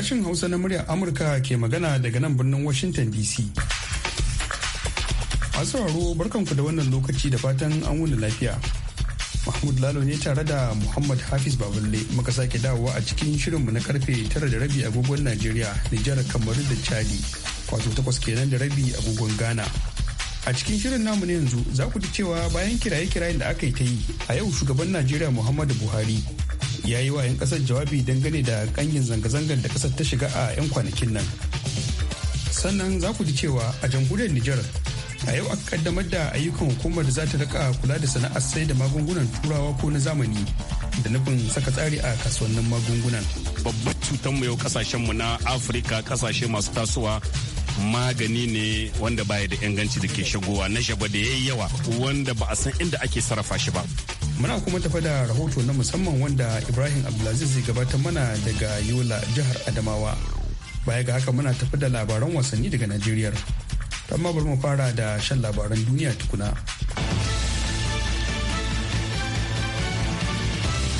Sashen Hausa na muryar Amurka ke magana daga nan birnin Washington DC. Masu sauraro barkanku da wannan lokaci da fatan an wuni lafiya. Mahmud Lalo ne tare da Muhammad Hafiz Baballe muka sake dawowa a cikin shirinmu na karfe tara da rabi agogon Najeriya, Nijar, Kamaru da Chadi, wato takwas kenan da rabi agogon Ghana. A cikin shirin namu ne yanzu za ku ji cewa bayan kiraye-kirayen da aka yi ta yi a yau shugaban Najeriya Muhammadu Buhari ya yi wa 'yan kasar jawabi dangane da kanyin zanga-zangar da kasar ta shiga a 'yan kwanakin nan sannan za ku ji cewa a jamhuriyar nijar a yau aka kaddamar da ayyukan hukumar da za ta rika kula da sana'ar sai da magungunan turawa ko na zamani da nufin saka tsari a kasuwannin magungunan babbar cutar mu yau kasashen mu na afirka kasashe masu tasowa magani ne wanda baya da inganci da ke shigowa na shaba da yayi yawa wanda ba a san inda ake sarrafa shi ba muna kuma tafa da rahoto na musamman wanda ibrahim abdulaziz zai gabatar mana daga yola jihar adamawa baya ga haka muna tafi da labaran wasanni daga najeriya amma bari mu fara da shan labaran duniya tukuna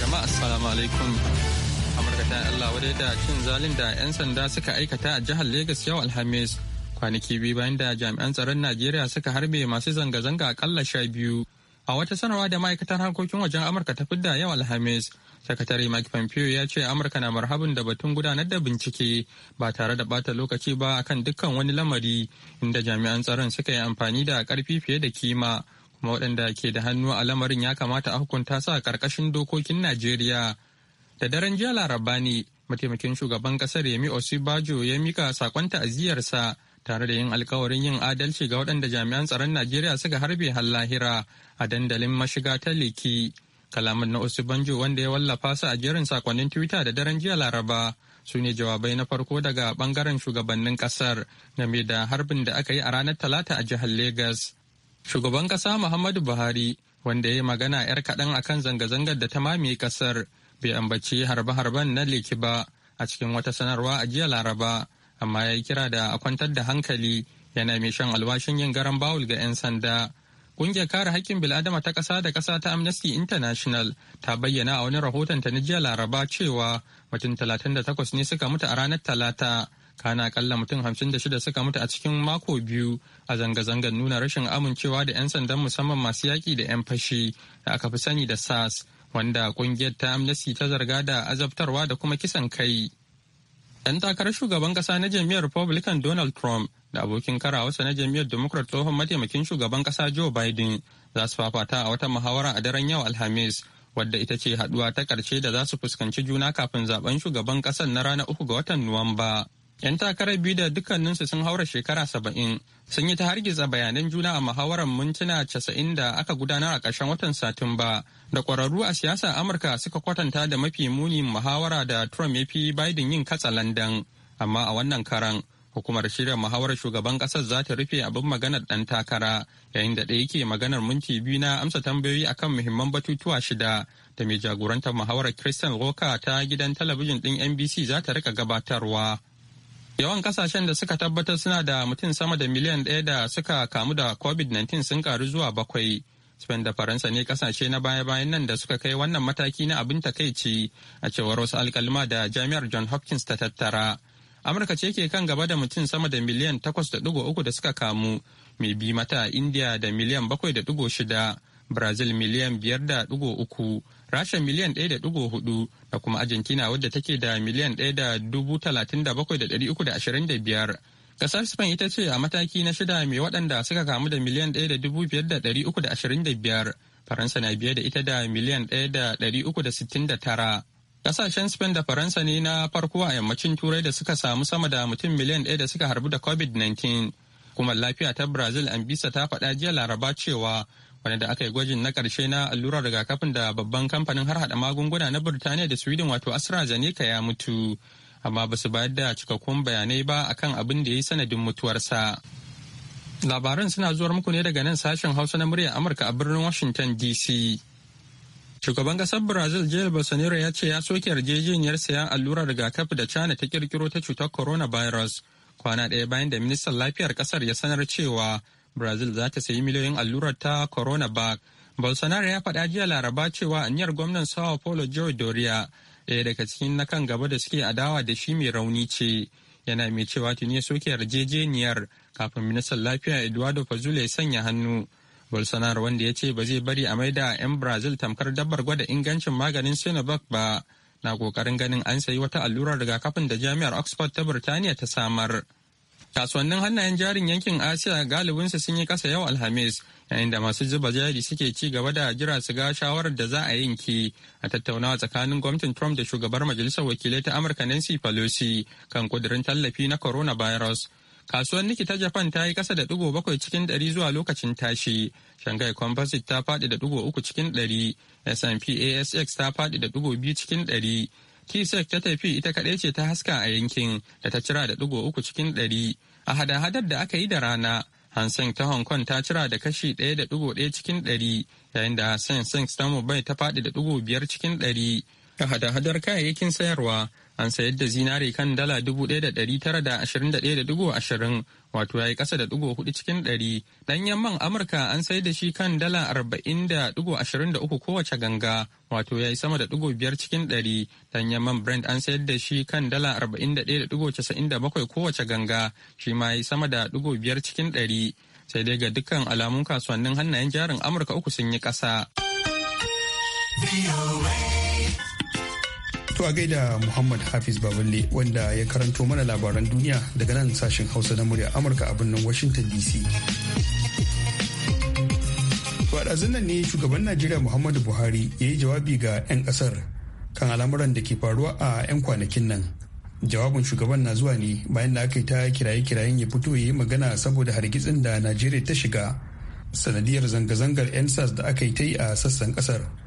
jama'a assalamu alaikum amurka ta allah wadai da cin zalin da 'yan sanda suka aikata a jihar Legas yau alhamis kwanaki biyu bayan da jami'an tsaron najeriya suka harbe masu zanga-zanga akalla sha biyu A wata sanarwa da ma'aikatar harkokin wajen Amurka ta fidda yau Alhamis, Sakatare Mike Pompeo ya ce Amurka na marhabin da batun gudanar da bincike ba tare da bata lokaci ba akan dukkan wani lamari inda jami'an tsaron suka yi amfani da karfi fiye da kima kuma waɗanda ke da hannu a lamarin ya kamata a hukunta su a ƙarƙashin dokokin Najeriya. Da daren jiya Laraba ne mataimakin shugaban ƙasar Yemi Osibajo ya mika sakon ta'aziyarsa tare da yin alkawarin yin adalci ga waɗanda jami'an tsaron Najeriya suka harbe hallahira a dandalin mashiga ta liki Kalaman na Osubanjo wanda ya wallafa su a jerin sakonnin Twitter da daren jiya Laraba su ne jawabai na farko daga bangaren shugabannin kasar game da harbin da aka yi a ranar Talata a jihar Legas. Shugaban kasa Muhammadu Buhari wanda ya yi magana 'yar kaɗan akan zanga-zangar da ta mamaye kasar bai ambaci harbe-harben na Leki ba a cikin wata sanarwa a jiya Laraba. amma ya yi kira da a kwantar da hankali yana mai shan alwashin yin garan bawul ga 'yan sanda Ƙungiyar kare haƙƙin bil'adama ta ƙasa da ƙasa ta Amnesty International ta bayyana a wani rahoton ta jiya Laraba cewa mutum 38 ne suka mutu a ranar Talata, kana kalla mutum da shida suka mutu a cikin mako biyu a zanga-zangar nuna rashin amincewa da 'yan sandan musamman masu yaƙi da 'yan fashi da aka fi sani da sars wanda ƙungiyar ta Amnesty ta zarga da azabtarwa da kuma kisan kai. Yan takarar shugaban ƙasa na jam'iyyar Republican Donald Trump da abokin karawarsa na jam'iyyar Democrat tsohon mataimakin shugaban ƙasa Joe Biden za su fafata a wata muhawara a daren yau Alhamis wadda ita ce haɗuwa ta ƙarshe da za su fuskanci juna kafin zaben shugaban ƙasar na ranar uku ga watan Nuwamba. 'Yan takarar biyu da dukkaninsu sun haura shekara saba'in sun yi ta hargitsa bayanan juna a muhawarar mintuna casa'in da aka gudanar a ƙarshen watan Satumba da ƙwararru a siyasa Amurka suka kwatanta da mafi munin muhawara da Trump ya fi Biden yin katsa katsalandan. Amma a wannan karan hukumar shirya muhawarar shugaban ƙasar za ta rufe abin maganar ɗan takara yayin da ɗaya ke maganar minti biyu na amsa tambayoyi akan muhimman batutuwa shida da mai jagorantar muhawarar Christian Roka ta gidan talabijin ɗin NBC za ta rika gabatarwa. Yawan kasashen da suka tabbatar suna da mutum sama da miliyan ɗaya da suka kamu da COVID-19 sun karu zuwa bakwai. Spain da Faransa ne kasashe na baya-bayan nan da suka kai wannan mataki na abin takaici a cewar wasu alkalma da jami'ar John Hopkins ta tattara. Amurka ce ke kan gaba da mutum sama da miliyan 8.3 da suka kamu, mai bi mata India da miliyan bakwai da 7.6 brazil miliyan biyar da digo uku rasha miliyan ɗaya da digo hudu da kuma argentina wadda take da miliyan ɗaya da dubu talatin da bakwai da ɗari uku da ashirin da biyar kasar spain ita ce a mataki na shida mai waɗanda suka kamu da miliyan ɗaya da dubu biyar da ɗari uku da ashirin da biyar faransa na biye da ita da miliyan ɗaya da ɗari uku da sittin da tara Kasashen Spain da Faransa ne na farko a yammacin Turai da suka samu sama da mutum miliyan ɗaya da suka harbu da COVID-19. Kuma lafiya ta Brazil bisa ta faɗa jiya Laraba cewa wani da aka yi gwajin na karshe na allurar rigakafin da babban kamfanin har hada magunguna na Birtaniya da Sweden wato AstraZeneca ya mutu amma ba su bayar da cikakkun bayanai ba akan abin da ya yi sanadin mutuwarsa. Labaran suna zuwar muku ne daga nan sashen Hausa na muryar Amurka a birnin Washington DC. Shugaban kasar Brazil Jair Bolsonaro ya ce ya soke yarjejeniyar sayan allurar rigakafi da China ta kirkiro ta cutar coronavirus kwana ɗaya bayan da ministan lafiyar kasar ya sanar cewa Brazil za ta sayi miliyoyin allurar ta coronavac. Bolsonaro ya faɗa jiya laraba cewa aniyar gwamnan Sao Paulo Joe Doria ɗaya daga cikin na kan gaba da suke adawa da shi mai rauni ce. Yana mai cewa tuni ya soke yarjejeniyar kafin ministan lafiya Eduardo Pazula ya sanya hannu. Bolsonaro wanda ya ce ba zai bari a maida 'yan Brazil tamkar dabbar gwada ingancin maganin Sinovac ba. Na kokarin ganin an sayi wata allurar rigakafin da jami'ar Oxford ta Birtaniya ta samar. kasuwannin hannayen jarin yankin asiya galibinsa sun yi kasa yau alhamis yayin da masu zuba jari suke ci gaba da jira su ga shawarar da za a yanke a tattaunawa tsakanin gwamnatin trump da shugabar majalisar wakilai ta amurka nancy pelosi kan kudirin tallafi na coronavirus kasuwar niki ta japan ta yi kasa da digo bakwai cikin dari zuwa lokacin tashi shanghai composite ta faɗi da digo uku cikin dari s&p asx ta faɗi da digo biyu cikin dari. kisek ta tafi ita kaɗai ce ta haska a yankin da ta cira da ɗigo uku cikin ɗari a hada-hadar da aka yi da rana hansen ta hong kong ta cira da kashi ɗaya da ɗigo ɗaya cikin ɗari yayin da hansen sing ta mumbai ta faɗi da ɗigo biyar cikin ɗari a hada-hadar kayayyakin sayarwa an sayar da zinare kan dala 1,921.20 wato ya yi ƙasa da ɗigo hudu cikin ɗari ɗanyen man amurka an sayar da shi kan dala 40.23 kowace ganga wato ya yi sama da dugo biyar cikin ɗari ɗanyen man brent an sayar da shi kan dala 41.97 kowace ganga shi ma ya yi sama da dugo biyar cikin ɗari sai dai ga dukkan alamun kasuwannin hannayen jarin amurka uku sun yi ƙasa. To a gaida Muhammad Hafiz Baballe wanda ya karanto mana labaran duniya daga nan sashen Hausa na murya Amurka a birnin Washington DC. Wadazin nan ne shugaban Najeriya Muhammadu Buhari ya yi jawabi ga 'yan kasar kan al'amuran da ke faruwa a 'yan kwanakin nan. Jawabin shugaban na zuwa ne bayan da aka yi ta kiraye-kirayen ya fito ya yi magana saboda hargitsin da Najeriya ta shiga sanadiyar zanga-zangar 'yan sas da aka yi ta yi a sassan kasar.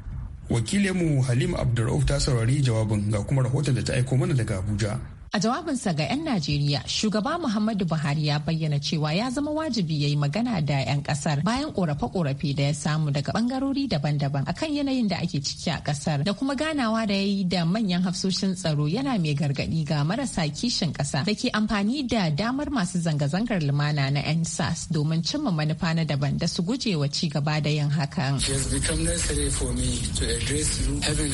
wakilinmu halim abdulrauf ta saurari jawabin ga kuma rahoton da ta aiko mana daga abuja A jawabinsa ga 'yan Najeriya, shugaba Muhammadu Buhari ya bayyana cewa ya zama wajibi ya yi magana da 'yan kasar bayan korafe-korafe da ya samu daga bangarori daban-daban akan yanayin da ake ciki a kasar da kuma ganawa da ya yi da manyan hafsoshin tsaro yana mai gargadi ga marasa kishin kasa da ke amfani da damar masu zanga-zangar lumana na 'yan sas domin cimma manufa na daban da su guje wa ci gaba da yin hakan.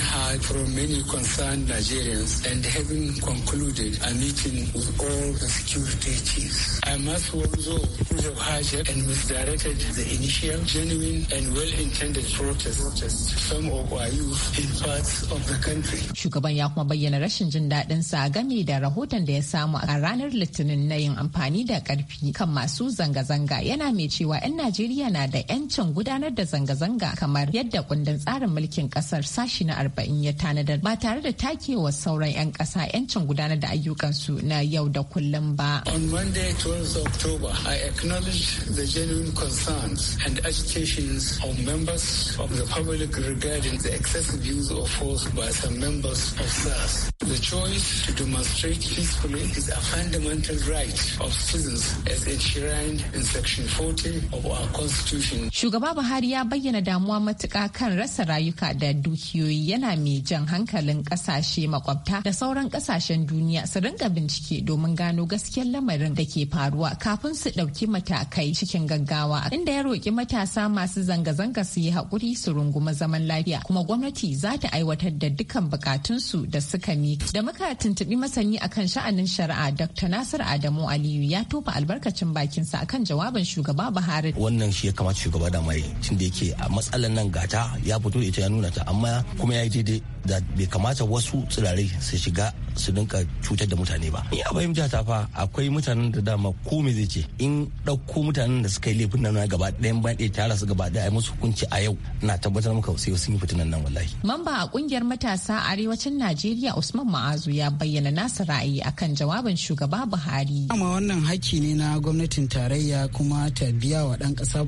had from many concerned Nigerians and having concluded Madrid. a meeting with all the security chiefs. I must who have hijacked and misdirected the initial, genuine and well-intended protest, to some of our youth in parts of the country. Shugaban ya kuma bayyana rashin jin daɗin sa game da rahoton da ya samu a ranar Litinin na yin amfani da ƙarfi kan masu zanga-zanga yana mai cewa 'yan Najeriya na da 'yancin gudanar da zanga-zanga kamar yadda kundin tsarin mulkin ƙasar sashi na arba'in ya tanadar ba tare da takewa sauran 'yan ƙasa 'yancin gudanar da ayyukansu na yau da kullum ba. On Monday, 12 October, I acknowledge the genuine concerns and agitations of members of the public regarding the excessive use of force by some members of SARS. The choice to demonstrate peacefully is a fundamental right of citizens as enshrined in Section 40 of our Constitution. Shugaba Buhari ya bayyana damuwa matuƙa kan rasa rayuka da dukiyoyi yana mai jan hankalin ƙasashe makwabta da sauran ƙasashen duniya duniya su ringa bincike domin gano gaskiyar lamarin da ke faruwa kafin su ɗauki matakai cikin gaggawa inda ya roki matasa masu zanga-zanga su yi haƙuri su runguma zaman lafiya kuma gwamnati za ta aiwatar da dukkan bukatunsu da suka mika. Da muka tuntuɓi masani akan sha'anin shari'a Dr. Nasir Adamu Aliyu ya tofa albarkacin bakinsa akan jawabin shugaba Buhari. Wannan shi ya kamata shugaba da mai tunda yake a matsalar nan gata ya fito ita ya nuna ta amma kuma ya yi daidai da bai kamata wasu tsirarai su shiga su dinka cutar da mutane ba ni a fahimta ta fa akwai mutanen da dama ko me zai ce in ɗauko mutanen da suka yi laifin nan gaba ɗayan ban ɗaya tara su gaba ɗaya yi musu hukunci a yau na tabbatar maka sai sun yi fitinan nan wallahi mamba a kungiyar matasa arewacin Najeriya Usman Ma'azu ya bayyana nasa ra'ayi akan jawabin shugaba Buhari amma wannan haƙƙi ne na gwamnatin tarayya kuma ta biya wa ɗan ƙasa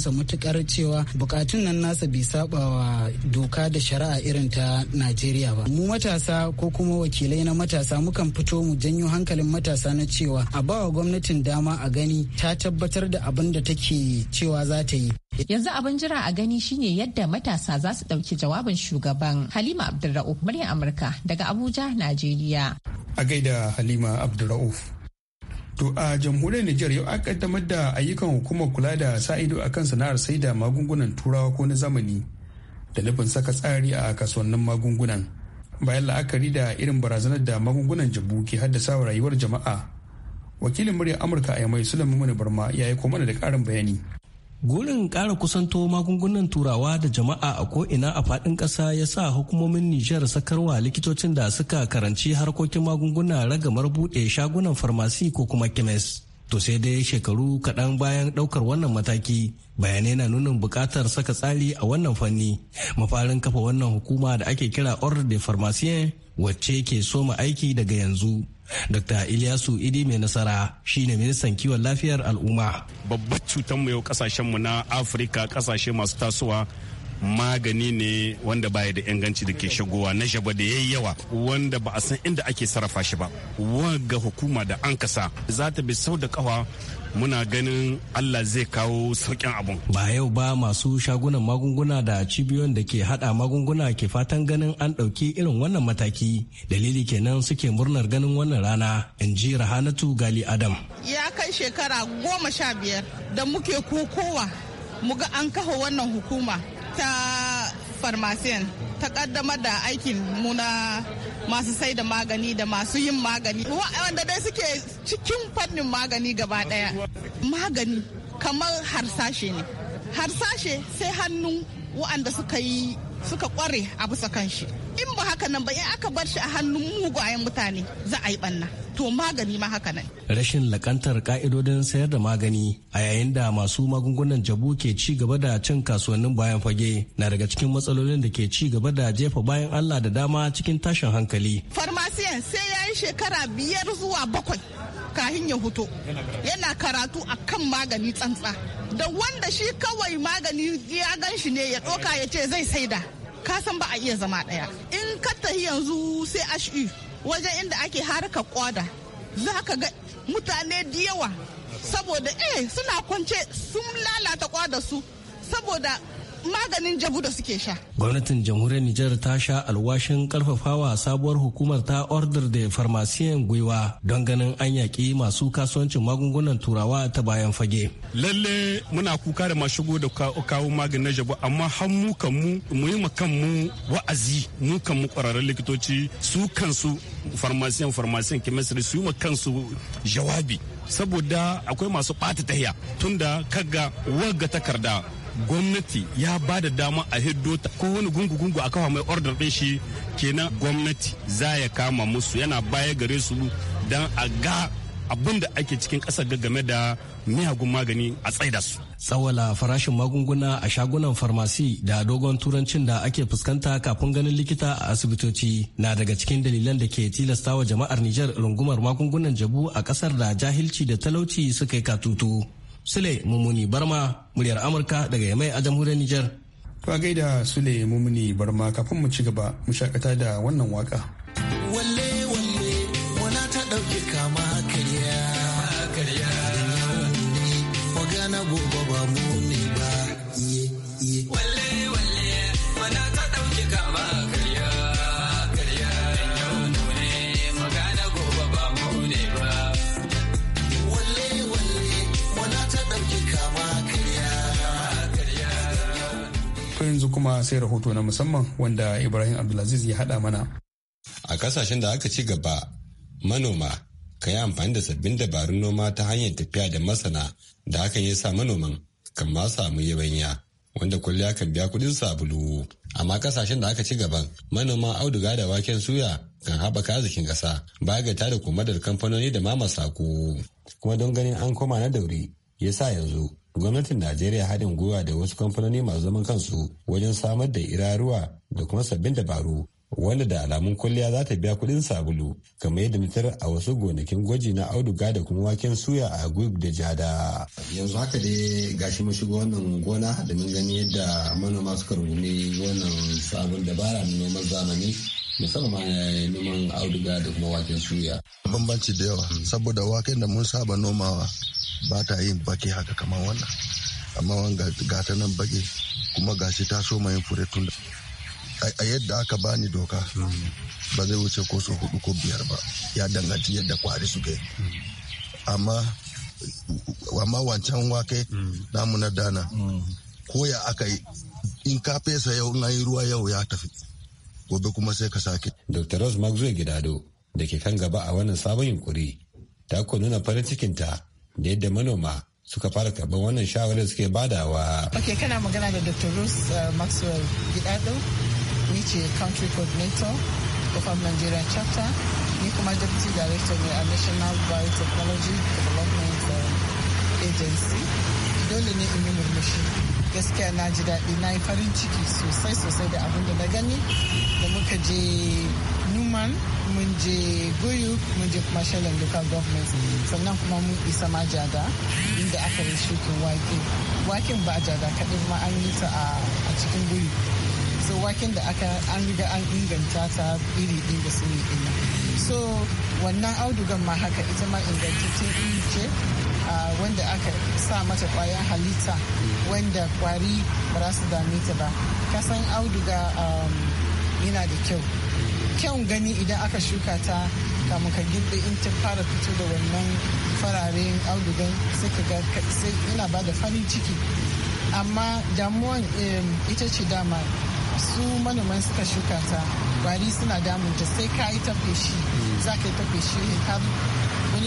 sa matukar cewa bukatun nan nasa bai saba wa doka da shari'a irin ta Najeriya ba mu matasa ko kuma wakilai na matasa mukan zan fito mu janyo hankalin matasa na cewa a bawa gwamnatin dama a gani ta tabbatar da abin da take cewa za ta yi yanzu abin jira a gani shine yadda matasa za su ɗauki jawabin shugaban halima abdulra'uf muryar amurka daga abuja najeriya a gaida halima abdulra'uf to a jamhuriyar nijar yau aka kaddamar da ayyukan hukumar kula da sa ido a kan sana'ar sai da magungunan turawa ko na zamani da nufin saka tsari a kasuwannin magungunan bayan la'akari da irin barazanar da magungunan jabu ke haddasa wa rayuwar jama'a wakilin murya amurka a yamai sulaiman barma ya yi mana da karin bayani Gurin kara kusanto magungunan turawa da jama'a a ko ina a fadin kasa ya sa hukumomin Nijar sakarwa likitocin da suka karanci harkokin magunguna ragamar buɗe shagunan farmasi ko kuma kemis. To sai dai shekaru kaɗan bayan ɗaukar wannan mataki bayanai na nuna buƙatar saka tsari a wannan fanni mafarin kafa wannan hukuma da ake kira Ordre de pharmacien wacce ke soma aiki daga yanzu. Dr. Ilyasu Idi mai nasara shine ministan kiwon lafiyar al'umma. Babbar cutar mu yau kasashen mu na Afirka kasashe masu tasowa magani ne wanda baya da inganci da ke shagowa na jaba da yayi yawa wanda ba a san inda ake sarrafa shi ba wanga hukuma da an kasa za ta bi sau da kawa muna ganin Allah zai kawo sauƙin abun. Ba yau ba masu shagunan magunguna da cibiyoyin da ke hada magunguna ke fatan ganin an ɗauki irin wannan mataki. Dalili kenan suke murnar ganin wannan rana, in ji Rahanatu Gali Adam. Ya kai shekara goma sha biyar da muke kokowa, muga an kafa wannan hukuma. ta farmasiyan ta kaddamar da aikin muna masu sai da magani da masu yin magani wanda dai suke cikin fannin magani gaba daya magani kamar harsashe ne harsashe sai hannun wa'anda suka yi suka kware a bisa kan shi in ba haka nan ba in aka bar shi a hannun mugayen mutane za a yi banna to magani ma haka nan rashin lakantar ka'idodin sayar da magani a yayin da masu magungunan jabu ke ci gaba da cin kasuwannin bayan fage na daga cikin matsalolin da ke ci gaba da jefa bayan Allah da dama cikin tashin hankali farmasiyan sai ya yi shekara biyar zuwa bakwai kahin ya huto yana karatu a kan magani tsantsa da wanda shi kawai magani ya gan shi ne ya tsoka ya ce zai saida ka san ba a iya zama ɗaya in ka tafi yanzu sai ashu e wajen inda ake harka kwada za ka ga mutane da yawa saboda eh suna kwance sun lalata kwada su saboda maganin jabu da suke sha. Gwamnatin jamhuriyar Nijar ta sha alwashin karfafawa sabuwar hukumar ta order da farmasiyan gwiwa don ganin an yaƙi masu kasuwancin magungunan turawa ta bayan fage. Lalle muna kuka da masu shigo da kawo maganin jabu amma har mu kan mu mu yi kan mu wa'azi mu kan mu kwararren likitoci su kansu farmasiyan farmasiyan chemistry su yi kansu jawabi saboda akwai masu ɓata tahiya tunda kaga wagga takarda gwamnati ya ba da dama a hiddo ta ko wani gungu-gungu a kafa mai ordar ɗin shi kenan gwamnati za ya kama musu yana baya gare su don a ga abin da ake cikin ƙasar game da miyagun magani a tsaida su. Tsawala farashin magunguna a shagunan farmasi da dogon turancin da ake fuskanta kafin ganin likita a asibitoci na daga cikin dalilan da ke tilastawa jama'ar Nijar rungumar magungunan jabu a kasar da jahilci da talauci suka yi katutu. Sule Mumuni Barma muryar Amurka daga Yamai a jamhuriyar Nijar. To gaida Sule Mumuni Barma kafin mu ci gaba mu shakata da wannan waka. kuma sai rahoto na musamman wanda Ibrahim Abdulaziz ya haɗa mana. A kasashen da aka ci gaba, manoma kan yi amfani da sabbin dabarun noma ta hanyar tafiya da masana da hakan ya sa manoman kan ma samu yabanya wanda kulle kan biya kuɗin sabulu. Amma kasashen da aka ci gaban manoman auduga da waken suya kan haɓaka arzikin ƙasa baya ga tada komadar kamfanoni da ma masaku Kuma don ganin an koma na daure ya sa yanzu gwamnatin najeriya haɗin gwiwa da wasu kamfanoni masu zaman kansu wajen samar da iraruwa da kuma sabbin dabaru wanda da alamun kwalliya za ta biya kuɗin sabulu kamar yadda mutar a wasu gonakin gwaji na auduga da kuma waken suya a gub da jada yanzu haka dai gashi mu shiga wannan gona da mun gani yadda manoma suka rungumi wannan sabon dabara na noman zamani musamman eh, noman auduga da kuma waken suya bambanci da yawa saboda waken da mun saba nomawa ba ta yin baki haka kamar wannan amma wanga gata nan baki kuma gashi ta so yin fure tun a yadda aka bani doka ba zai wuce ko so hudu ko biyar ba ya danganci yadda kwari suke amma amma wancan wake namu na dana ko ya aka yi in ka fesa yau na yi ruwa yau ya tafi gobe kuma sai ka sake. Dr. Rose Maxwell Gidado da ke kan gaba a wannan sabon yunkuri ta ko nuna farin cikinta da yadda manoma suka fara karban wannan shawarar suke badawa. Ok, kana magana da Dr. Rose uh, Maxwell Gidado, ni ce Country Coordinator Kofar Nigeria Chapter, ni kuma Deputy Director ne a National Biotechnology Development uh, Agency. Dole ne in yi murmushi. Gaskiya na ji daɗi na yi farin ciki sosai sosai da abin da na gani da muka je Numan mun je Goyo mun je kuma Shelen local government sannan kuma mun isa ma jada inda aka yi shukin wake. Waken ba a Jaga kaɗai kuma an yi ta a cikin Guyu. So waken da aka an riga an inganta ta iri ɗin da su ne ɗin So wannan audugan ma haka ita ma ingantaccen iri ce wanda aka sa mata kwayan halitta wanda kwari ba za su dame ta ba. Kasan auduga um, yana da kyau kyan gani idan aka shuka ta kamun ka girbe in ta fara fito da wannan fararen audugan sai ka ga sai ina ba da farin ciki amma damuwan ita ce dama su manoman suka shuka ta kwari suna damunta sai ka yi ta feshi za ka yi ta feshi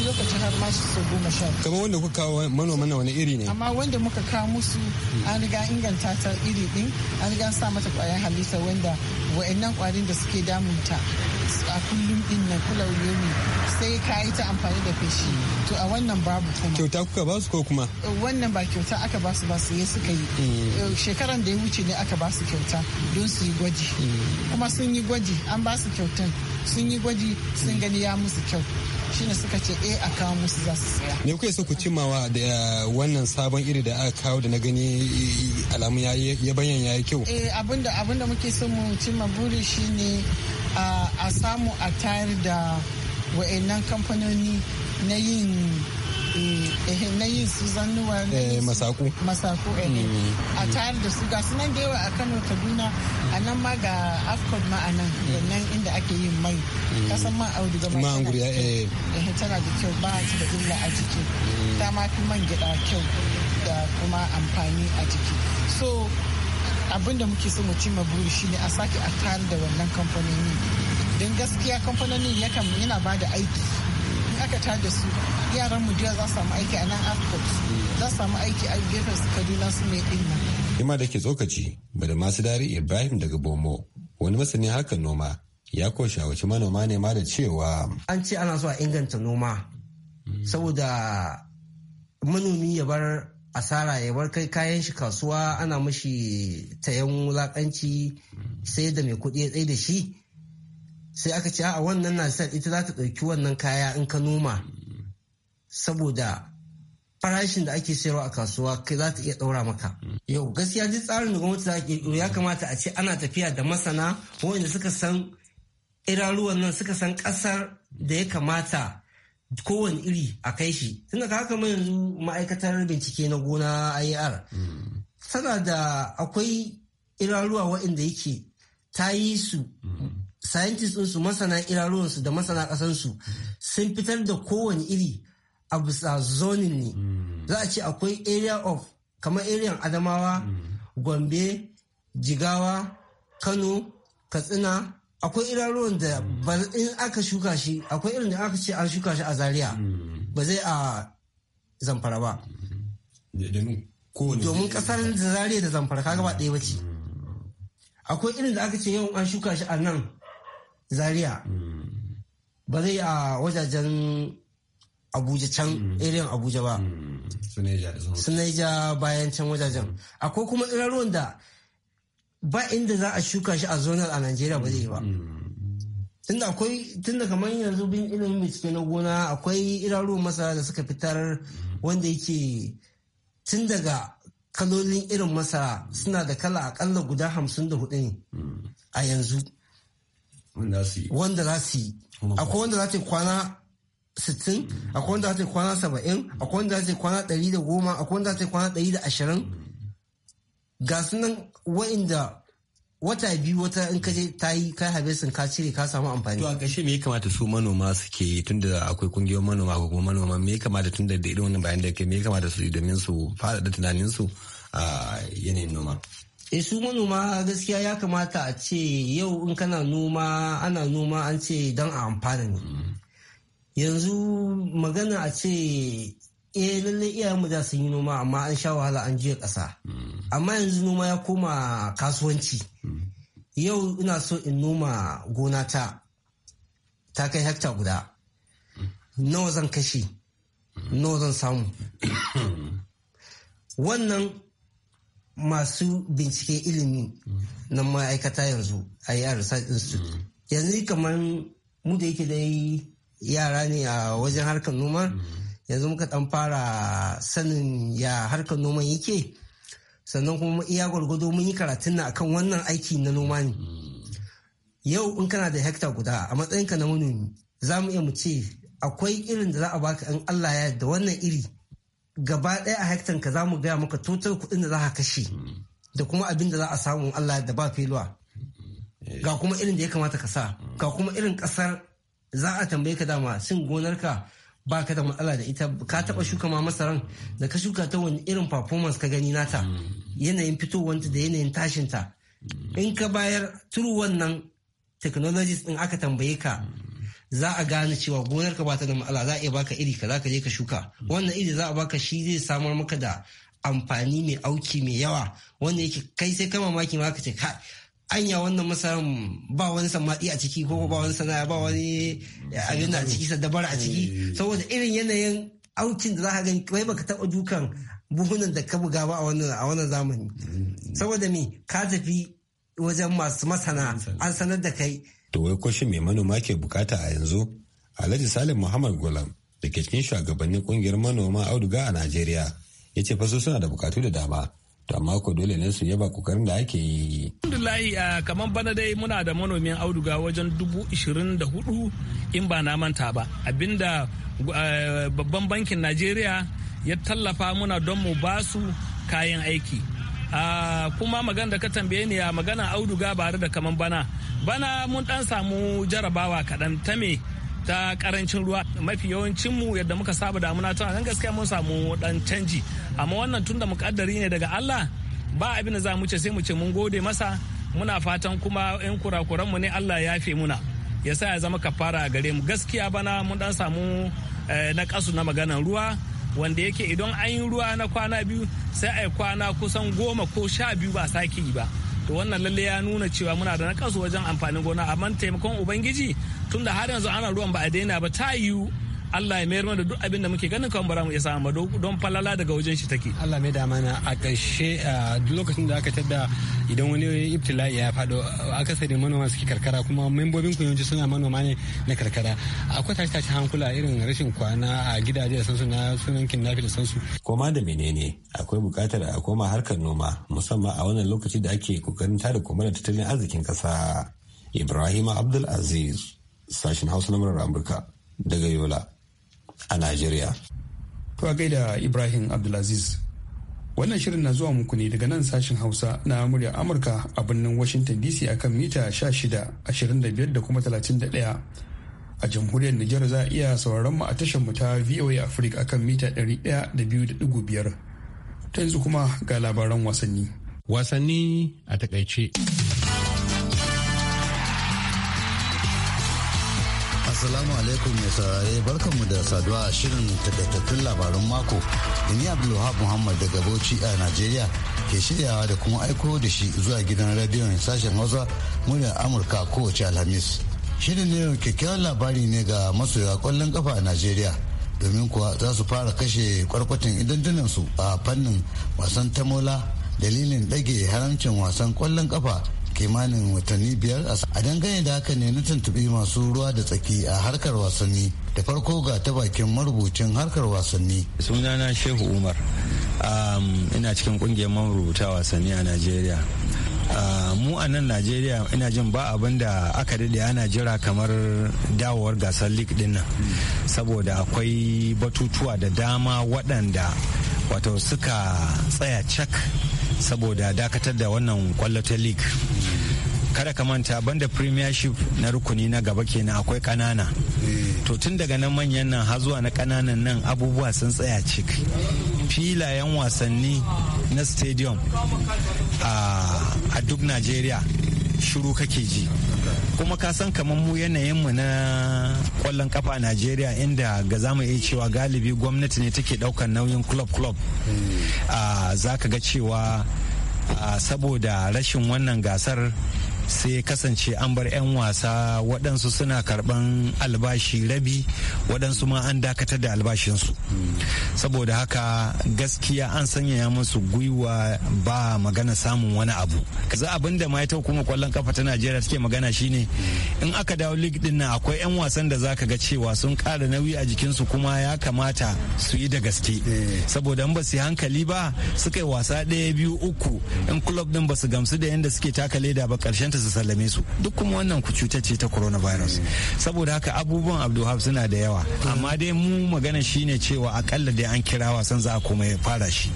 lokacin har ma su goma sha biyu. kamar wanda kuka kawo manoma na wani iri ne amma wanda muka kawo musu an riga inganta ta iri din an riga sa mata kwayar halitta wanda wa'annan kwarin da suke damunta a kullum din nan kula yomi sai ka yi ta amfani da feshi to a wannan babu kuma kyauta kuka ba su ko kuma wannan ba kyauta aka ba su ba su yi suka yi mm. eh, shekaran da ya wuce ne aka ba su kyauta don su yi gwaji mm. kuma sun yi gwaji an ba su kyautan sun yi gwaji sun gani ya musu kyau shine suka ce eh a kawo musu za su saya. ne kuke so ku cimawa da eh, wannan sabon iri da aka kawo da na gani alamu ya bayan ya yi kyau? Eh abinda abinda muke so mu cimma buri shine a samu a tayar da wa'annan kamfanoni na yin eh, eh, na yin su zannuwa eh, masaku masaku mm. a tayar da su ga nan da yawa a kano kaduna a nan ma ga afcon ma a nan mm. nan inda ake yin mai mm. kasan ma audu ga ma tana da kyau ba su da illa a jiki ta ma fi man gida kyau da kuma amfani a jiki so abin da muke so mu cimma buri shine a sake a tare da wannan kamfanoni don gaskiya kamfanoni yakan yana ba da aiki in aka tare da su yaran mu da za su samu aiki a nan afcot za su samu aiki a gefen su kaduna su mai din nan ima da ke tsokaci bada masu dari ibrahim daga bomo wani masanin harkar noma ya ko shawarci manoma ne ma da cewa an ce ana so a inganta noma saboda manomi ya bar asara ya bar kai kayan shi kasuwa ana mashi tayan wulakanci sai da mai kuɗi ya tsaye da shi sai aka ce a wannan na sa ita za ta ɗauki wannan kaya in ka noma saboda farashin da ake sayarwa a kasuwa kai za ta iya ɗaura maka. Yau gaskiya duk tsarin da gwamnati za ke ya kamata a ce ana tafiya da masana wanda suka san iraruwan nan suka san ƙasar da ya kamata kowane iri a kai shi tunda ka haka yanzu ma'aikatar bincike na gona IAR tana da akwai iraruwa waɗanda yake ta yi su scientists ɗinsu masana iraruwansu da masana ƙasansu sun fitar da kowane iri a bisa zonin ne za a ce akwai area of kamar area adamawa gombe jigawa kano katsina akwai iraruwan da in aka shuka shi akwai irin da aka ce an shuka shi a zaria mm. ba zai a zamfara ba domin kasar da zaria da zamfara kaga ba ɗaya ba ce mm. akwai irin da aka ce yau an shuka shi a nan zaria mm. ba zai a wajajen abuja can irin abuja ba sunaija bayan can wajajen akwai kuma iraruwan da ba inda za a shuka shi a zonar a Najeriya ba zai yi ba. Mm. Tunda akwai tunda kamar yanzu bin ilimin cike na gona akwai irarun masara da suka fitar wanda yake tun daga kalolin irin masara suna da kala akalla guda hamsin da hudu ne a yanzu. Wanda za su yi. Akwai wanda za su yi kwana sittin, akwai wanda za ta yi kwana saba'in, akwai wanda za ta yi kwana ɗari da goma, akwai wanda za ta yi kwana ɗari da ashirin. ga sunan wa'inda wata biyu wata in ka je ta yi kai sun ka cire ka samu amfani. To a kashe me ya kamata su manoma suke yi tunda akwai kungiyoyin manoma ko kuma manoma me ya kamata tunda da irin wannan bayan da kai me ya kamata su yi domin su faɗaɗa tunanin su a yanayin noma. E su manoma gaskiya ya kamata a ce yau in kana noma ana noma an ce dan a amfana ne. Mm. Yanzu magana a ce eh lallai iyayenmu za sun yi noma amma an sha wahala an jiya ƙasa amma yanzu noma ya koma kasuwanci yau ina so in noma gona ta ta kai hekta guda nawa zan kashe nawa zan samu wannan masu bincike ilimi na ma'aikata yanzu a yi research institute yanzu kamar mu da yake dai yara ne a wajen harkar noma yanzu muka dan fara sanin ya harkar noman yake sannan kuma iya gwargwado mun yi karatun na akan wannan aiki na noma ne yau in kana da hekta guda a matsayinka na manomi za mu iya mu ce akwai irin da za a baka in Allah ya da wannan iri gaba ɗaya a hektar ka za mu gaya maka total kuɗin da za ka kashe da kuma abin da za a samu Allah da ba filuwa? ga kuma irin da ya kamata ka sa ga kuma irin ƙasar za a tambaye ka dama shin gonarka ba ka da matsala da ita ka taba mm. shuka ma masaran da ka shuka ta wani irin performance ka gani nata mm. yanayin fitowanta da yanayin tashin ta mm. in ka bayar turu wannan technologies din aka tambaye ka za a gane cewa gonar ka bata da matsala za a iya baka iri ka za ka je ka shuka wannan iri za a baka shi zai samar maka da amfani mai auki mai yawa wanda yake kai sai ka mamaki ma ka ce anya wannan masaran ba wani samadi a ciki ko ba wani sana'a ba wani abin a ciki sadabara a ciki eh. saboda irin yanayin aucin da za ka gani kai baka taba dukan buhunan da ka buga ba a wannan zamani mm. saboda me ka tafi wajen masu masana an sanar da kai to wai shi mai manoma ke bukata a yanzu alhaji salim muhammad gulam da ke cikin shugabannin kungiyar manoma auduga a najeriya ya ce faso suna da bukatu da dama to amma ko dole ne su yaba kokarin da ake yi. Alhamdulillahi kamar bana dai muna da manomin auduga wajen dubu ishirin da hudu in ba na manta ba abinda babban bankin Najeriya ya tallafa muna don mu ba su kayan aiki. kuma magana da ka tambaye ni a magana auduga ba da kaman bana bana mun dan samu jarabawa kaɗan ta me ta karancin ruwa mafi yawancin mu yadda muka saba damuna tana nan gaskiya mun samu dan canji amma wannan tun tunda mukaddari ne daga Allah ba abin da za mu ce sai mu ce mun gode masa muna fatan kuma yan kurakuran mu ne Allah ya yafe muna ya sa ya zama kafara a gare mu gaskiya bana mun dan samu eh, na kasu na maganan ruwa wanda yake idan an yi ruwa na kwana biyu sai a kwana kusan goma ko sha biyu ba sake yi ba to wannan lalle ya nuna cewa muna da nakasu wajen amfanin gona amma taimakon ubangiji tunda har yanzu ana ruwan ba a daina ba ta yiwu Allah ya mayar da duk abin da muke ganin kawai bara mu sa samu don falala daga wajen shi take Allah mai da mana a ƙarshe duk lokacin da aka da idan wani ibtila'i ya faɗo da manoma suke karkara kuma membobin ku yanzu suna manoma ne na karkara akwai tashi tashi hankula irin rashin kwana a gidaje da sansu na sunan kinnafi da sansu koma da menene akwai buƙatar a koma harkar noma musamman a wannan lokaci da ake kokarin tada kuma da tattalin arzikin ƙasa Ibrahim Abdul Aziz sashen Hausa na Amurka daga Yola a Najeriya. To a gaida Ibrahim Abdulaziz. Wannan shirin na zuwa muku ne daga nan sashen Hausa na murya Amurka a birnin Washington DC akan mita 16, 25 da kuma 31. A jamhuriyar Nijar za a iya sauraron mu a tashar mu ta VOA Africa akan mita biyar Ta yanzu kuma ga labaran wasanni. Wasanni a takaice. Assalamu alaikum mai saurare barkanmu da saduwa a shirin takaitattun labarun mako. Dini Abdulwahab Muhammad daga Bauchi a Najeriya ke shiryawa da kuma aiko da shi zuwa gidan rediyon sashen Hausa muryar Amurka kowace Alhamis. Shirin ne kyakkyawan labari ne ga masoya kwallon kafa a Najeriya. domin kuwa za su fara kashe kwarkwatin su a fannin wasan tamola dalilin ɗage haramcin wasan kwallon kafa kimanin watanni biyar a dangane da haka ne na tuntuɓi masu ruwa da tsaki a harkar wasanni da farko ga ta bakin marubucin harkar wasanni sunana shehu umar ina cikin kungiyar marubuta wasanni a najeriya mu a nan najeriya ina jin ba abin da aka dade ana jira kamar dawowar gasar league din nan saboda akwai batutuwa da dama waɗanda wato suka tsaya cak saboda dakatar da wannan kwallaton league kada ka manta banda premiership na rukuni na gaba kenan akwai kanana eh. to tun daga nan manyan nan har zuwa na kananan nan abubuwa sun tsaya cik filayen wasanni na stadium ah, a duk najeriya shiru kake ji kuma ka san kamar mu yanayin mu na kwallon kafa a Najeriya inda ga za mu iya cewa galibi gwamnati ne take daukar nauyin club club hmm. ah, za ka ga cewa ah, saboda rashin wannan gasar sai kasance an bar 'yan wasa waɗansu suna karɓan albashi rabi waɗansu ma an dakatar da albashinsu saboda haka gaskiya an sanya musu gwiwa ba magana samun wani abu kaza abin da ma'aikatar kuma kwallon kafa ta najeriya take magana shine in aka dawo league din nan akwai 'yan wasan da zaka ga cewa sun ƙara nauyi a jikinsu kuma ya kamata su yi da gaske saboda in ba su hankali ba suka yi wasa ɗaya biyu uku in club din ba su gamsu da yadda suke taka leda ba karshen. cancanta su sallame su duk kuma wannan ku cuta ce ta coronavirus saboda haka abubuwan abdulhab suna da yawa amma dai mu magana shine cewa akalla dai an kira wasan za a koma ya fara shi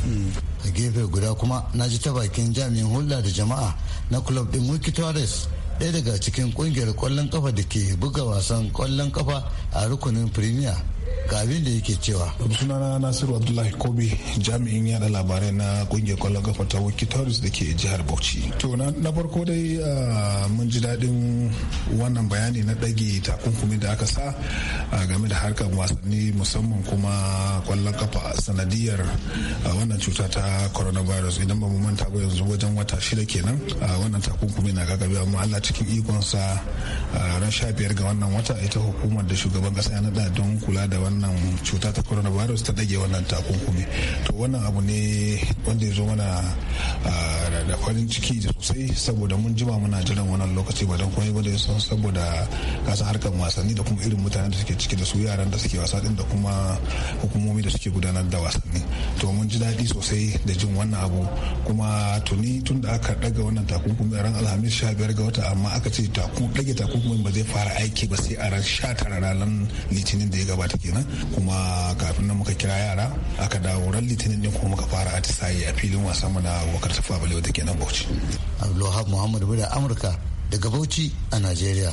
a gefe guda kuma na ji ta bakin jami'in hulɗa da jama'a na club din wikitores ɗaya daga cikin ƙungiyar kwallon kafa da ke buga wasan kwallon kafa a rukunin premier ga abin da yake cewa. sunana nasiru abdullahi kobe jami'in yada labarai na kungiyar kwallon kafa ta wikitoris da ke jihar bauchi to na farko dai mun ji daɗin wannan bayani na ɗage takunkumi da aka sa game da harkar wasanni musamman kuma kwallon kafa sanadiyar wannan cuta ta coronavirus idan ba mu manta ba yanzu wajen wata shida kenan wannan takunkumi na gagabe amma allah cikin ikonsa ran sha biyar ga wannan wata ita hukumar da shugaban kasa ya naɗa don kula da wannan wannan cuta ta coronavirus ta dage wannan takunkumi to wannan abu ne wanda ya zo mana da farin ciki da sosai saboda mun jima muna jiran wannan lokaci ba don kuma ba da saboda kasan harkar wasanni da kuma irin mutanen da suke ciki da su yaran da suke wasa din da kuma hukumomi da suke gudanar da wasanni to mun ji daɗi sosai da jin wannan abu kuma tuni tun da aka daga wannan takunkumi ran alhamis sha biyar ga wata amma aka ce dage takunkumin ba zai fara aiki ba sai a ran sha tara ranar litinin da ya gabata kenan kuma kafin nan muka kira yara aka dawo ran litinin din kuma muka fara atisaye a filin wasan mu na wakar tafa bale da ke nan bauchi abdulwahab muhammad da amurka daga bauchi a najeriya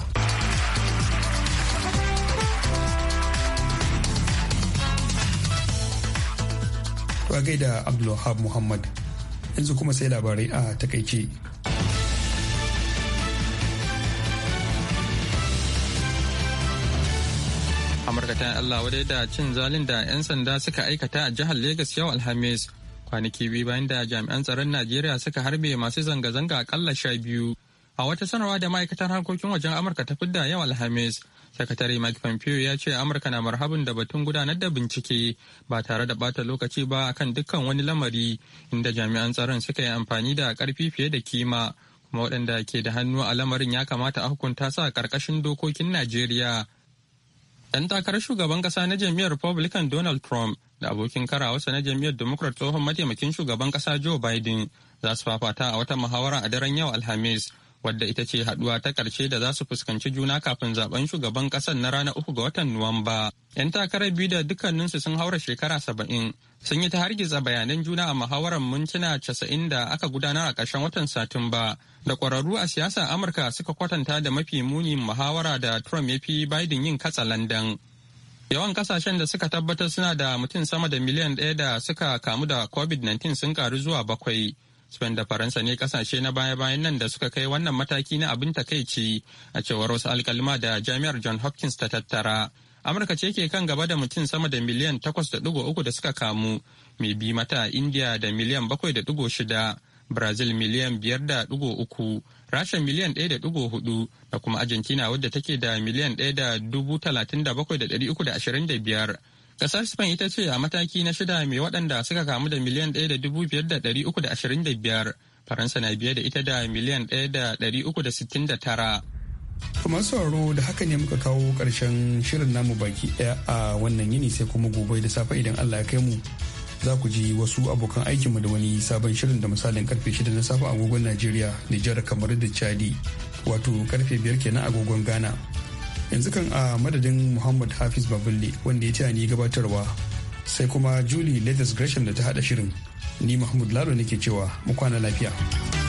wa gaida abdulwahab muhammad yanzu kuma sai labarai a takaice amurka ta allah wadai da cin zalin da 'yan sanda suka aikata a jihar Legas yau alhamis kwanaki biyu bayan da jami'an tsaron najeriya suka harbe masu zanga-zanga akalla sha biyu a wata sanarwa da ma'aikatar harkokin wajen amurka ta fidda yau alhamis sakatare mike pompeo ya ce amurka na marhabin da batun gudanar da bincike ba tare da bata lokaci ba akan dukkan wani lamari inda jami'an tsaron suka yi amfani da karfi fiye da kima kuma waɗanda ke da hannu a lamarin ya kamata a hukunta su a ƙarƙashin dokokin najeriya Ɗan takarar shugaban ƙasa na jam'iyyar Republican Donald Trump da abokin karawarsa na jam'iyyar Democrat tsohon mataimakin shugaban ƙasa Joe Biden za su fafata a wata muhawara a daren yau Alhamis wadda ita ce haduwa ta karshe da za su fuskanci juna kafin zaben shugaban kasar na ranar uku ga watan Nuwamba. 'Yan takarar biyu da dukkaninsu sun haura shekara saba'in sun yi ta hargitsa bayanan juna a muhawarar mintuna casa'in da aka gudanar a ƙarshen watan Satumba da ƙwararru a siyasa Amurka suka kwatanta da mafi muni muhawara da Trump ya fi Biden yin katsa landan Yawan kasashen da suka tabbatar suna da mutum sama da miliyan ɗaya da suka kamu da COVID-19 sun ƙaru zuwa bakwai. Spain da Faransa ne kasashe na baya-bayan nan da suka kai wannan mataki na abin takaici a cewar wasu alkalima da jami'ar John Hopkins ta tattara. Amurka ce ke kan gaba da mutum sama da miliyan 8.3 da suka kamu, mai bi mata India da miliyan 7.6, Brazil miliyan 5.3, Rasha miliyan 1.4 da kuma Argentina wadda take da miliyan biyar. Kasar Spain ita ce a mataki na shida mai waɗanda suka kamu da miliyan ɗaya da dubu biyar da ɗari uku da ashirin da biyar. Faransa na biye da ita da miliyan ɗaya da ɗari uku da sittin da tara. kamar sauraro da haka ne muka kawo ƙarshen shirin namu baki ɗaya a wannan yini sai kuma gobe da safe idan Allah ya kai mu za ku ji wasu abokan aikinmu da wani sabon shirin da misalin karfe shida na safe agogon Najeriya, Nijar, kamar da Chadi, wato karfe biyar kenan agogon Ghana. yanzu kan a madadin muhammad hafiz babulle wanda ya taya ni gabatarwa sai kuma julie latest gresham da ta hada shirin ni mahmud lalo nake cewa mu kwana lafiya